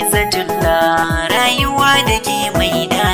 Izzatullah rayuwa da ke mai da